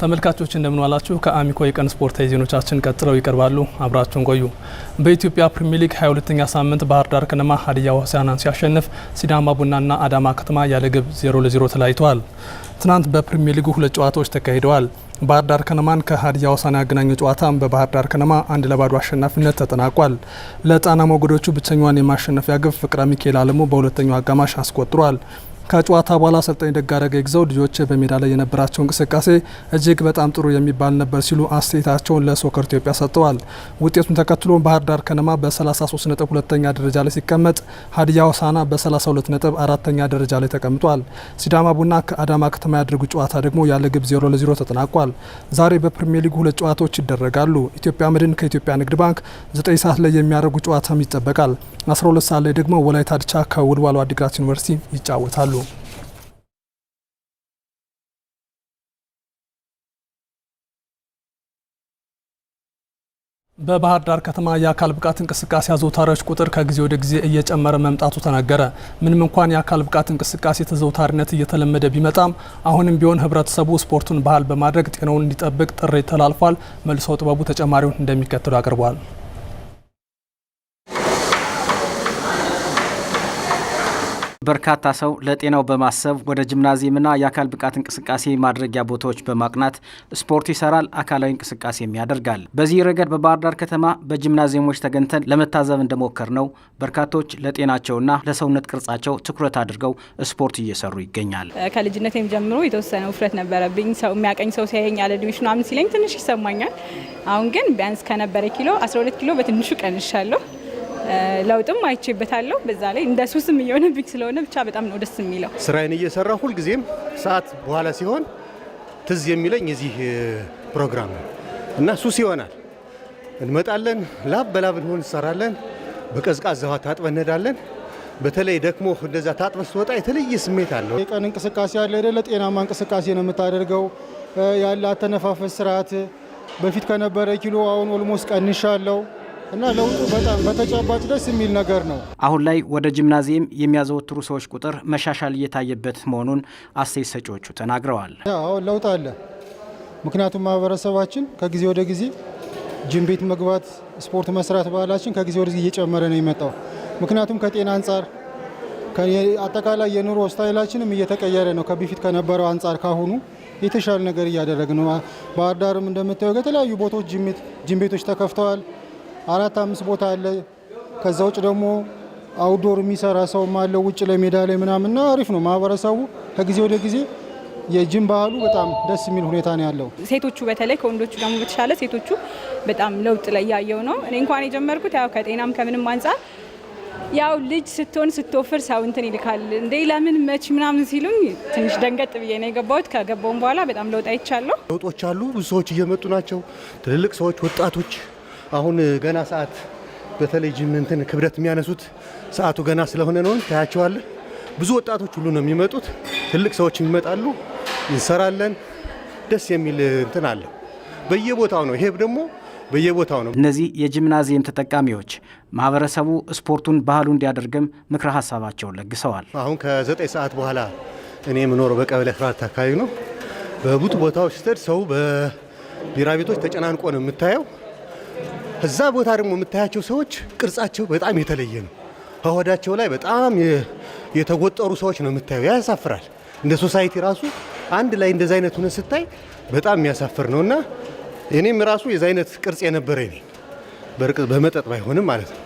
ተመልካቾች እንደምን ዋላችሁ። ከአሚኮ የቀን ስፖርታዊ ዜናዎቻችን ቀጥለው ይቀርባሉ። አብራችሁን ቆዩ። በኢትዮጵያ ፕሪሚየር ሊግ 22ኛ ሳምንት ባህር ዳር ከነማ ሀዲያ ሆሳዕናን ሲያሸንፍ፣ ሲዳማ ቡናና አዳማ ከተማ ያለ ግብ 0 ለ0 ተለያይተዋል። ትናንት በፕሪሚየር ሊጉ ሁለት ጨዋታዎች ተካሂደዋል። ባህር ዳር ከነማን ከሀዲያ ሆሳዕና ያገናኘው ጨዋታ በባህር ዳር ከነማ አንድ ለባዶ አሸናፊነት ተጠናቋል። ለጣና ሞገዶቹ ብቸኛዋን የማሸነፊያ ግብ ፍቅረ ሚካኤል አለሙ በሁለተኛው አጋማሽ አስቆጥሯል። ከጨዋታ በኋላ አሰልጣኝ ደጋረገ ይግዛው ልጆች በሜዳ ላይ የነበራቸው እንቅስቃሴ እጅግ በጣም ጥሩ የሚባል ነበር ሲሉ አስተያየታቸውን ለሶከር ኢትዮጵያ ሰጥተዋል። ውጤቱን ተከትሎ ባህር ዳር ከነማ በ33 ነጥብ ሁለተኛ ደረጃ ላይ ሲቀመጥ፣ ሀዲያ ሆሳዕና በ32 ነጥብ አራተኛ ደረጃ ላይ ተቀምጧል። ሲዳማ ቡና ከአዳማ ከተማ ያደረጉ ጨዋታ ደግሞ ያለ ግብ 0 ለ0 ተጠናቋል። ዛሬ በፕሪሚየር ሊጉ ሁለት ጨዋታዎች ይደረጋሉ። ኢትዮጵያ መድን ከኢትዮጵያ ንግድ ባንክ 9 ሰዓት ላይ የሚያደርጉ ጨዋታም ይጠበቃል። 12 ሰዓት ላይ ደግሞ ወላይታ ድቻ ከወልዋሎ አዲግራት ዩኒቨርሲቲ ይጫወታሉ። በባህር ዳር ከተማ የአካል ብቃት እንቅስቃሴ አዘውታሪዎች ቁጥር ከጊዜ ወደ ጊዜ እየጨመረ መምጣቱ ተነገረ። ምንም እንኳን የአካል ብቃት እንቅስቃሴ ተዘውታሪነት እየተለመደ ቢመጣም አሁንም ቢሆን ህብረተሰቡ ስፖርቱን ባህል በማድረግ ጤናውን እንዲጠብቅ ጥሪ ተላልፏል። መልሶ ጥበቡ ተጨማሪውን እንደሚከተሉ አቅርቧል። በርካታ ሰው ለጤናው በማሰብ ወደ ጂምናዚየምና የአካል ብቃት እንቅስቃሴ ማድረጊያ ቦታዎች በማቅናት ስፖርት ይሰራል፣ አካላዊ እንቅስቃሴም ያደርጋል። በዚህ ረገድ በባህር ዳር ከተማ በጂምናዚየሞች ተገኝተን ለመታዘብ እንደሞከር ነው በርካቶች ለጤናቸውና ለሰውነት ቅርጻቸው ትኩረት አድርገው ስፖርት እየሰሩ ይገኛል። ከልጅነቴም ጀምሮ የተወሰነ ውፍረት ነበረብኝ። ሰው የሚያቀኝ ሰው ሲያየኝ ያለ እድሜሽ ምናምን ሲለኝ ትንሽ ይሰማኛል። አሁን ግን ቢያንስ ከነበረ ኪሎ 12 ኪሎ በትንሹ ቀንሻለሁ። ለውጥም አይቼበታለሁ። በዛ ላይ እንደ ሱስም እየሆነብኝ ስለሆነ ብቻ በጣም ነው ደስ የሚለው። ስራዬን እየሰራ ሁልጊዜም ሰዓት በኋላ ሲሆን ትዝ የሚለኝ የዚህ ፕሮግራም ነው እና ሱስ ይሆናል። እንመጣለን፣ ላብ በላብ እንሆን እንሰራለን፣ በቀዝቃዛ ውሃ ታጥበን እንሄዳለን። በተለይ ደግሞ እንደዛ ታጥበ ስትወጣ የተለየ ስሜት አለው። የቀን እንቅስቃሴ አለ አይደለ? ጤናማ እንቅስቃሴ ነው የምታደርገው። ያለ አተነፋፈስ ስርዓት በፊት ከነበረ ኪሎ አሁን ኦልሞስት ቀንሻ አለው። እና ለውጡ በጣም በተጨባጭ ደስ የሚል ነገር ነው። አሁን ላይ ወደ ጂምናዚየም የሚያዘወትሩ ሰዎች ቁጥር መሻሻል እየታየበት መሆኑን አስተያየት ሰጪዎቹ ተናግረዋል። አሁን ለውጥ አለ። ምክንያቱም ማህበረሰባችን ከጊዜ ወደ ጊዜ ጅም ቤት መግባት፣ ስፖርት መስራት ባህላችን ከጊዜ ወደ ጊዜ እየጨመረ ነው የመጣው። ምክንያቱም ከጤና አንጻር አጠቃላይ የኑሮ ስታይላችንም እየተቀየረ ነው። ከበፊት ከነበረው አንጻር ካሁኑ የተሻለ ነገር እያደረግ ነው። ባህር ዳርም እንደምታየው ከተለያዩ ቦታዎች ጂም ቤቶች ተከፍተዋል። አራት አምስት ቦታ አለ። ከዛ ውጭ ደግሞ አውዶር የሚሰራ ሰውም አለ ውጭ ለሜዳ ላይ ምናምንና አሪፍ ነው። ማህበረሰቡ ከጊዜ ወደ ጊዜ የጅም ባህሉ በጣም ደስ የሚል ሁኔታ ነው ያለው። ሴቶቹ በተለይ ከወንዶቹ ደግሞ በተሻለ ሴቶቹ በጣም ለውጥ ላይ ያየው ነው። እኔ እንኳን የጀመርኩት ያው ከጤናም ከምንም አንጻር ያው ልጅ ስትሆን ስትወፍር ሰው እንትን ይልካል እንዴ ለምን መች ምናምን ሲሉኝ ትንሽ ደንገጥ ብዬ ነው የገባሁት። ከገባውን በኋላ በጣም ለውጥ አይቻለሁ። ለውጦች አሉ። ብዙ ሰዎች እየመጡ ናቸው። ትልልቅ ሰዎች፣ ወጣቶች አሁን ገና ሰዓት በተለይ ጅም እንትን ክብደት የሚያነሱት ሰዓቱ ገና ስለሆነ ነው። ታያቸዋል። ብዙ ወጣቶች ሁሉ ነው የሚመጡት። ትልቅ ሰዎች ይመጣሉ። እንሰራለን። ደስ የሚል እንትን አለ። በየቦታው ነው ይሄ ደግሞ በየቦታው ነው። እነዚህ የጂምናዚየም ተጠቃሚዎች ማህበረሰቡ ስፖርቱን ባህሉ እንዲያደርግም ምክረ ሀሳባቸውን ለግሰዋል። አሁን ከዘጠኝ ሰዓት በኋላ እኔ የምኖረው በቀበሌ አስራት አካባቢ ነው። በቡት ቦታዎች ስትሄድ ሰው በቢራ ቤቶች ተጨናንቆ ነው የምታየው። እዛ ቦታ ደግሞ የምታያቸው ሰዎች ቅርጻቸው በጣም የተለየ ነው። ከሆዳቸው ላይ በጣም የተጎጠሩ ሰዎች ነው የምታየው። ያሳፍራል። እንደ ሶሳይቲ ራሱ አንድ ላይ እንደዚ አይነት ሆነ ስታይ በጣም የሚያሳፍር ነው እና እኔም ራሱ የዚ አይነት ቅርጽ የነበረ ኔ በመጠጥ ባይሆንም ማለት ነው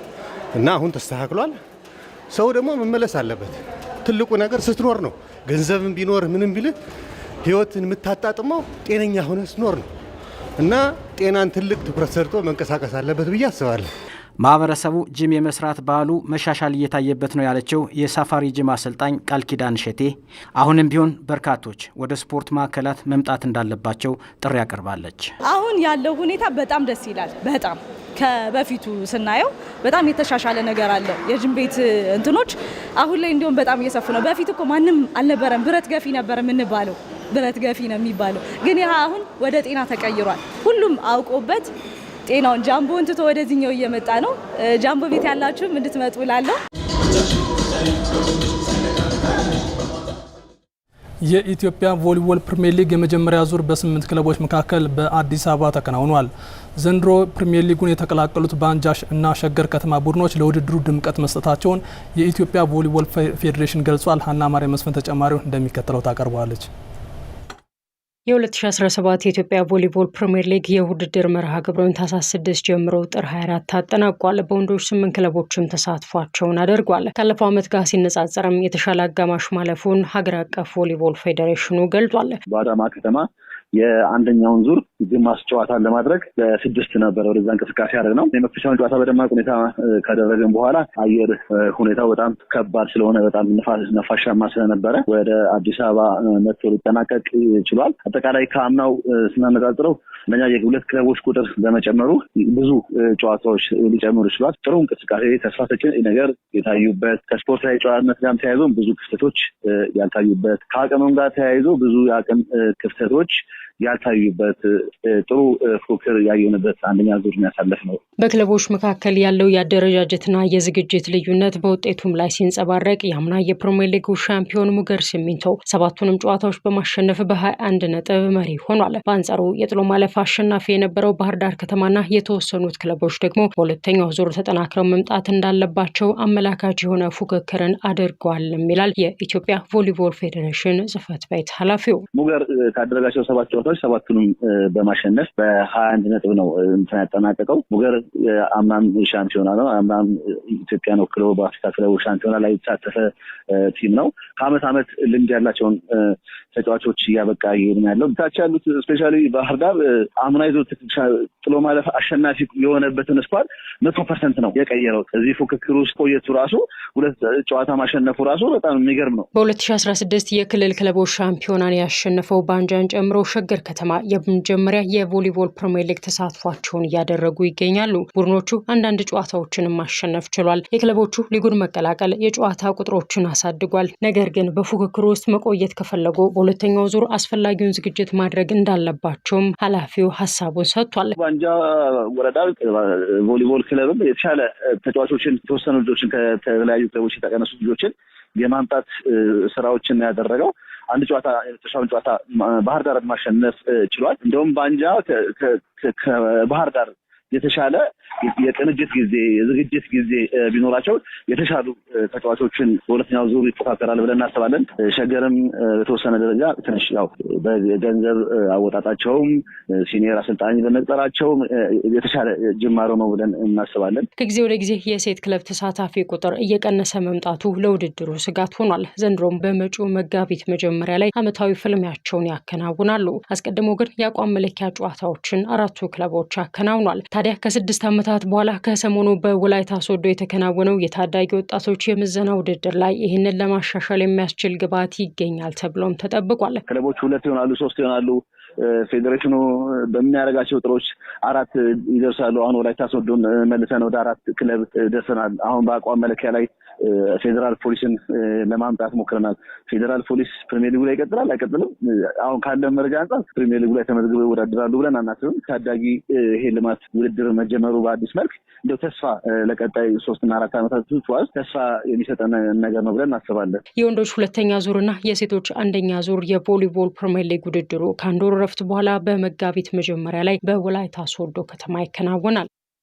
እና አሁን ተስተካክሏል። ሰው ደግሞ መመለስ አለበት። ትልቁ ነገር ስትኖር ነው። ገንዘብም ቢኖር ምንም ቢልህ ህይወትን የምታጣጥመው ጤነኛ ሆነ ስትኖር ነው። እና ጤናን ትልቅ ትኩረት ሰርቶ መንቀሳቀስ አለበት ብዬ አስባለሁ። ማህበረሰቡ ጅም የመስራት ባህሉ መሻሻል እየታየበት ነው ያለችው የሳፋሪ ጅም አሰልጣኝ ቃል ኪዳን ሸቴ አሁንም ቢሆን በርካቶች ወደ ስፖርት ማዕከላት መምጣት እንዳለባቸው ጥሪ ያቀርባለች። አሁን ያለው ሁኔታ በጣም ደስ ይላል። በጣም ከበፊቱ ስናየው በጣም የተሻሻለ ነገር አለው። የጅም ቤት እንትኖች አሁን ላይ እንዲሁም በጣም እየሰፉ ነው። በፊት እኮ ማንም አልነበረም፣ ብረት ገፊ ነበር የምንባለው ብረት ገፊ ነው የሚባለው። ግን ይህ አሁን ወደ ጤና ተቀይሯል። ሁሉም አውቆበት ጤናውን ጃምቦ እንትቶ ወደዚህኛው እየመጣ ነው። ጃምቦ ቤት ያላችሁም እንድትመጡ ላለው የኢትዮጵያ ቮሊቦል ፕሪምየር ሊግ የመጀመሪያ ዙር በስምንት ክለቦች መካከል በአዲስ አበባ ተከናውኗል። ዘንድሮ ፕሪሚየር ሊጉን የተቀላቀሉት ባንጃ እና ሸገር ከተማ ቡድኖች ለውድድሩ ድምቀት መስጠታቸውን የኢትዮጵያ ቮሊቦል ፌዴሬሽን ገልጿል። ሀና ማርያም መስፍን ተጨማሪውን እንደሚከተለው ታቀርበዋለች። የ2017 የኢትዮጵያ ቮሊቦል ፕሪምየር ሊግ የውድድር መርሃ ግብሮን ታህሳስ 6 ጀምሮ ጥር 24 አጠናቋል። በወንዶች ስምንት ክለቦችም ተሳትፏቸውን አድርጓል። ካለፈው ዓመት ጋር ሲነጻጸርም የተሻለ አጋማሽ ማለፉን ሀገር አቀፍ ቮሊቦል ፌዴሬሽኑ ገልጿል። በአዳማ ከተማ የአንደኛውን ዙር ግማሽ ጨዋታን ለማድረግ በስድስት ነበረ ወደዛ እንቅስቃሴ ያደረግ ነው። የመክፈቻውን ጨዋታ በደማቅ ሁኔታ ከደረግን በኋላ አየር ሁኔታው በጣም ከባድ ስለሆነ በጣም ነፋሻማ ስለነበረ ወደ አዲስ አበባ መጥቶ ሊጠናቀቅ ችሏል። አጠቃላይ ከአምናው ስናነጻጽረው አንደኛ የሁለት ክለቦች ቁጥር በመጨመሩ ብዙ ጨዋታዎች ሊጨምሩ ይችሏል። ጥሩ እንቅስቃሴ፣ ተስፋ ሰጪ ነገር የታዩበት ከስፖርታዊ ጨዋነት ጋር ተያይዞ ብዙ ክፍተቶች ያልታዩበት ከአቅምም ጋር ተያይዞ ብዙ የአቅም ክፍተቶች ያልታዩበት ጥሩ ፉክክር ያየንበት አንደኛ ዙር የሚያሳለፍ ነው። በክለቦች መካከል ያለው የአደረጃጀትና የዝግጅት ልዩነት በውጤቱም ላይ ሲንጸባረቅ የአምና የፕሪሚየር ሊጉ ሻምፒዮን ሙገር ሲሚንቶ ሰባቱንም ጨዋታዎች በማሸነፍ በ21 ነጥብ መሪ ሆኗል። በአንጻሩ የጥሎ ማለፍ አሸናፊ የነበረው ባህር ዳር ከተማና የተወሰኑት ክለቦች ደግሞ በሁለተኛው ዙር ተጠናክረው መምጣት እንዳለባቸው አመላካች የሆነ ፉክክርን አድርጓል ይላል የኢትዮጵያ ቮሊቦል ፌዴሬሽን ጽህፈት ቤት ኃላፊው ሙገር ካደረጋቸው ሰባት ጨዋታዎች ሰባቱንም በማሸነፍ በሀያ አንድ ነጥብ ነው እንትን ያጠናቀቀው። ቡገር አምናም ሻምፒዮና ነው። አምናም ኢትዮጵያን ወክሎ በአፍሪካ ክለቡ ሻምፒዮና ላይ የተሳተፈ ቲም ነው። ከአመት አመት ልምድ ያላቸውን ተጫዋቾች እያበቃ ይሄድ ያለው ታች ያሉት ስፔሻ ባህርዳር ዳር አምና ይዞ ጥሎ ማለፍ አሸናፊ የሆነበትን ስኳድ መቶ ፐርሰንት ነው የቀየረው። እዚህ ፉክክር ውስጥ ቆየቱ ራሱ ሁለት ጨዋታ ማሸነፉ ራሱ በጣም የሚገርም ነው። በሁለት ሺ አስራ ስድስት የክልል ክለቦች ሻምፒዮናን ያሸነፈው ባንጃን ጨምሮ ሸገር ከተማ የመጀመ በመጀመሪያ የቮሊቦል ፕሪሚየር ሊግ ተሳትፏቸውን እያደረጉ ይገኛሉ። ቡድኖቹ አንዳንድ ጨዋታዎችን ማሸነፍ ችሏል። የክለቦቹ ሊጉን መቀላቀል የጨዋታ ቁጥሮችን አሳድጓል። ነገር ግን በፉክክር ውስጥ መቆየት ከፈለጉ በሁለተኛው ዙር አስፈላጊውን ዝግጅት ማድረግ እንዳለባቸውም ኃላፊው ሀሳቡን ሰጥቷል። ባንጃ ወረዳ ቮሊቦል ክለብም የተሻለ ተጫዋቾችን የተወሰኑ ልጆችን ከተለያዩ ክለቦች የተቀነሱ ልጆችን የማምጣት ስራዎችን ያደረገው። አንድ ጨዋታ የመጨረሻውን ጨዋታ ባህር ዳር ማሸነፍ ችሏል። እንደውም ባንጃ ከባህር ዳር የተሻለ የቅንጅት ጊዜ የዝግጅት ጊዜ ቢኖራቸው የተሻሉ ተጫዋቾችን በሁለተኛው ዙር ይቆጣጠራል ብለን እናስባለን። ሸገርም በተወሰነ ደረጃ ትንሽ ያው በገንዘብ አወጣጣቸውም ሲኒየር አሰልጣኝ በመቅጠራቸውም የተሻለ ጅማሮ ነው ብለን እናስባለን። ከጊዜ ወደ ጊዜ የሴት ክለብ ተሳታፊ ቁጥር እየቀነሰ መምጣቱ ለውድድሩ ስጋት ሆኗል። ዘንድሮም በመጪው መጋቢት መጀመሪያ ላይ ዓመታዊ ፍልሚያቸውን ያከናውናሉ። አስቀድሞ ግን የአቋም መለኪያ ጨዋታዎችን አራቱ ክለቦች ያከናውኗል። ታዲያ ከስድስት ዓመታት በኋላ ከሰሞኑ በወላይታ ሶዶ የተከናወነው የታዳጊ ወጣቶች የምዘና ውድድር ላይ ይህንን ለማሻሻል የሚያስችል ግብዓት ይገኛል ተብሎም ተጠብቋል። ክለቦች ሁለት ይሆናሉ፣ ሶስት ይሆናሉ ፌዴሬሽኑ በሚያደርጋቸው ጥሮች አራት ይደርሳሉ። አሁን ወላይታ ሶዶን መልሰን ወደ አራት ክለብ ደርሰናል። አሁን በአቋም መለኪያ ላይ ፌዴራል ፖሊስን ለማምጣት ሞክረናል። ፌዴራል ፖሊስ ፕሪሚየር ሊጉ ላይ ይቀጥላል አይቀጥልም? አሁን ካለን መረጃ አንጻር ፕሪሚየር ሊጉ ላይ ተመዝግበው ወዳድራሉ ብለን አናስብም። ታዳጊ ይሄ ልማት ውድድር መጀመሩ በአዲስ መልክ እንደው ተስፋ ለቀጣይ ሶስትና አራት ዓመታት ዋዝ ተስፋ የሚሰጠን ነገር ነው ብለን እናስባለን። የወንዶች ሁለተኛ ዙር እና የሴቶች አንደኛ ዙር የቮሊቦል ፕሪሚየር ሊግ ውድድሩ ከአንድ ወር እረፍት በኋላ በመጋቢት መጀመሪያ ላይ በወላይታ ሶዶ ከተማ ይከናወናል።